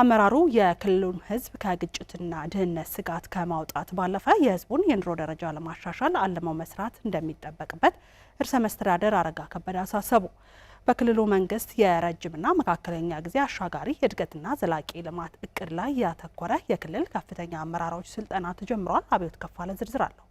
አመራሩ የክልሉን ህዝብ ከግጭትና ድህነት ስጋት ከማውጣት ባለፈ የህዝቡን የኑሮ ደረጃ ለማሻሻል አልመው መስራት እንደሚጠበቅበት እርሰ መስተዳደር አረጋ ከበደ አሳሰቡ። በክልሉ መንግስት የረጅምና መካከለኛ ጊዜ አሻጋሪ የእድገትና ዘላቂ ልማት እቅድ ላይ ያተኮረ የክልል ከፍተኛ አመራሮች ስልጠና ተጀምሯል። አብዮት ከፋለ ዝርዝር አለው።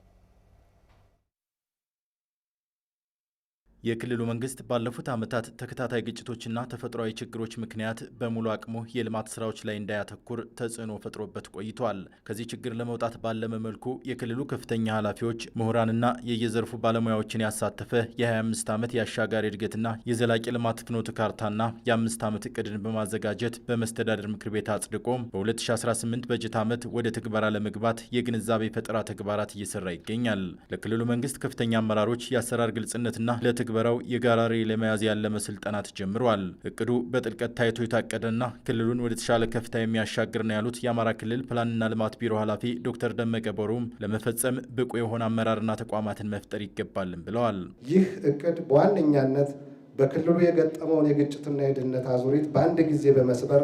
የክልሉ መንግስት ባለፉት ዓመታት ተከታታይ ግጭቶችና ተፈጥሯዊ ችግሮች ምክንያት በሙሉ አቅሙ የልማት ስራዎች ላይ እንዳያተኩር ተጽዕኖ ፈጥሮበት ቆይቷል። ከዚህ ችግር ለመውጣት ባለመ መልኩ የክልሉ ከፍተኛ ኃላፊዎች፣ ምሁራንና የየዘርፉ ባለሙያዎችን ያሳተፈ የ25 ዓመት የአሻጋሪ እድገትና የዘላቂ ልማት ፍኖተ ካርታና የአምስት ዓመት እቅድን በማዘጋጀት በመስተዳደር ምክር ቤት አጽድቆ በ2018 በጀት ዓመት ወደ ትግበራ ለመግባት የግንዛቤ ፈጠራ ተግባራት እየሰራ ይገኛል። ለክልሉ መንግስት ከፍተኛ አመራሮች የአሰራር ግልጽነትና ለትግበ በረበራው የጋራ ሬ ለመያዝ ያለመ ስልጠናት ጀምሯል። እቅዱ በጥልቀት ታይቶ የታቀደና ክልሉን ወደ ተሻለ ከፍታ የሚያሻግር ነው ያሉት የአማራ ክልል ፕላንና ልማት ቢሮ ኃላፊ ዶክተር ደመቀ ቦሩም ለመፈጸም ብቁ የሆነ አመራርና ተቋማትን መፍጠር ይገባልን ብለዋል። ይህ እቅድ በዋነኛነት በክልሉ የገጠመውን የግጭትና የድህነት አዙሪት በአንድ ጊዜ በመስበር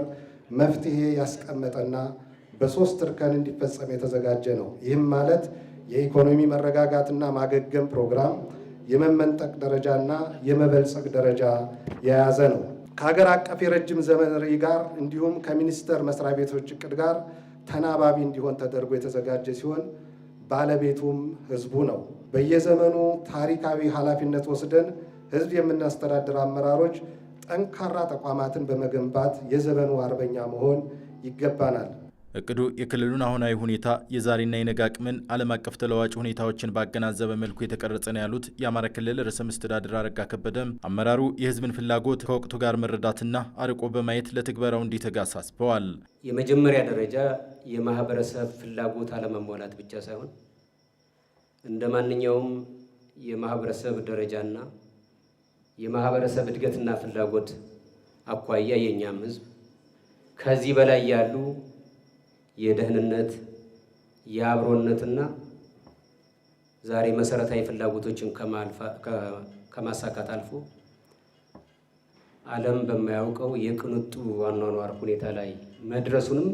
መፍትሄ ያስቀመጠና በሶስት እርከን እንዲፈጸም የተዘጋጀ ነው። ይህም ማለት የኢኮኖሚ መረጋጋትና ማገገም ፕሮግራም የመመንጠቅ ደረጃና የመበልጸግ ደረጃ የያዘ ነው። ከሀገር አቀፍ የረጅም ዘመን ራዕይ ጋር እንዲሁም ከሚኒስቴር መስሪያ ቤቶች እቅድ ጋር ተናባቢ እንዲሆን ተደርጎ የተዘጋጀ ሲሆን ባለቤቱም ህዝቡ ነው። በየዘመኑ ታሪካዊ ኃላፊነት ወስደን ህዝብ የምናስተዳድር አመራሮች ጠንካራ ተቋማትን በመገንባት የዘመኑ አርበኛ መሆን ይገባናል። እቅዱ የክልሉን አሁናዊ ሁኔታ የዛሬና የነገ አቅምን ዓለም አቀፍ ተለዋጭ ሁኔታዎችን ባገናዘበ መልኩ የተቀረጸ ነው ያሉት የአማራ ክልል ርዕሰ መስተዳድር አረጋ ከበደም አመራሩ የህዝብን ፍላጎት ከወቅቱ ጋር መረዳትና አርቆ በማየት ለትግበራው እንዲተጋ አሳስበዋል። የመጀመሪያ ደረጃ የማህበረሰብ ፍላጎት አለመሟላት ብቻ ሳይሆን እንደ ማንኛውም የማህበረሰብ ደረጃና የማህበረሰብ እድገትና ፍላጎት አኳያ የእኛም ህዝብ ከዚህ በላይ ያሉ የደህንነት፣ የአብሮነትና ዛሬ መሰረታዊ ፍላጎቶችን ከማሳካት አልፎ ዓለም በማያውቀው የቅንጡ አኗኗር ሁኔታ ላይ መድረሱንም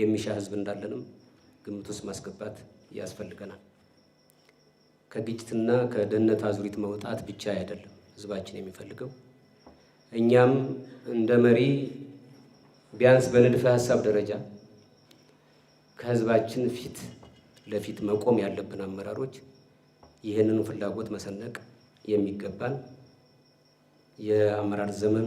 የሚሻ ህዝብ እንዳለንም ግምት ውስጥ ማስገባት ያስፈልገናል። ከግጭትና ከደህንነት አዙሪት መውጣት ብቻ አይደለም ህዝባችን የሚፈልገው። እኛም እንደ መሪ ቢያንስ በንድፈ ሀሳብ ደረጃ ከህዝባችን ፊት ለፊት መቆም ያለብን አመራሮች ይህንን ፍላጎት መሰነቅ የሚገባን የአመራር ዘመን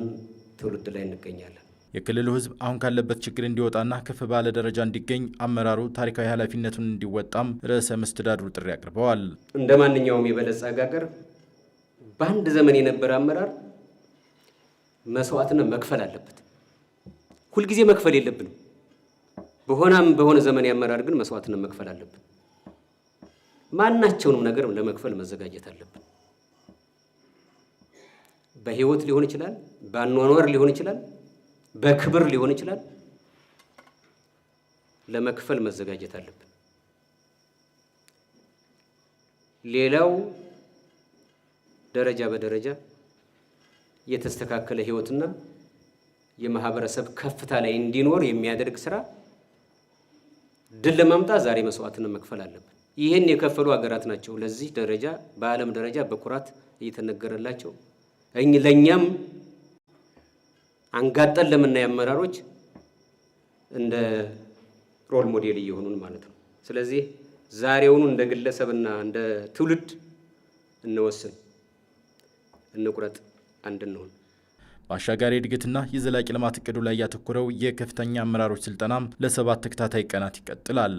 ትውልድ ላይ እንገኛለን። የክልሉ ህዝብ አሁን ካለበት ችግር እንዲወጣና ከፍ ባለ ደረጃ እንዲገኝ አመራሩ ታሪካዊ ኃላፊነቱን እንዲወጣም ርዕሰ መስተዳድሩ ጥሪ አቅርበዋል። እንደ ማንኛውም የበለጸገ ሀገር በአንድ ዘመን የነበረ አመራር መስዋዕትን መክፈል አለበት። ሁልጊዜ መክፈል የለብንም። በሆናም በሆነ ዘመን ያመራር ግን መስዋዕትነት መክፈል አለብን። ማናቸውንም ነገር ለመክፈል መዘጋጀት አለብን። በህይወት ሊሆን ይችላል፣ በአኗኗር ሊሆን ይችላል፣ በክብር ሊሆን ይችላል። ለመክፈል መዘጋጀት አለብን። ሌላው ደረጃ በደረጃ የተስተካከለ ህይወትና የማህበረሰብ ከፍታ ላይ እንዲኖር የሚያደርግ ስራ ድል ለማምጣት ዛሬ መስዋዕትን መክፈል አለብን። ይህን የከፈሉ ሀገራት ናቸው ለዚህ ደረጃ በዓለም ደረጃ በኩራት እየተነገረላቸው ለእኛም አንጋጠን ለምናይ አመራሮች እንደ ሮል ሞዴል እየሆኑን ማለት ነው። ስለዚህ ዛሬውኑ እንደ ግለሰብና እንደ ትውልድ እንወስን፣ እንቁረጥ፣ አንድ እንሆን። በአሻጋሪ እድገትና የዘላቂ ልማት እቅዱ ላይ ያተኮረው የከፍተኛ አመራሮች ስልጠና ለሰባት ተከታታይ ቀናት ይቀጥላል።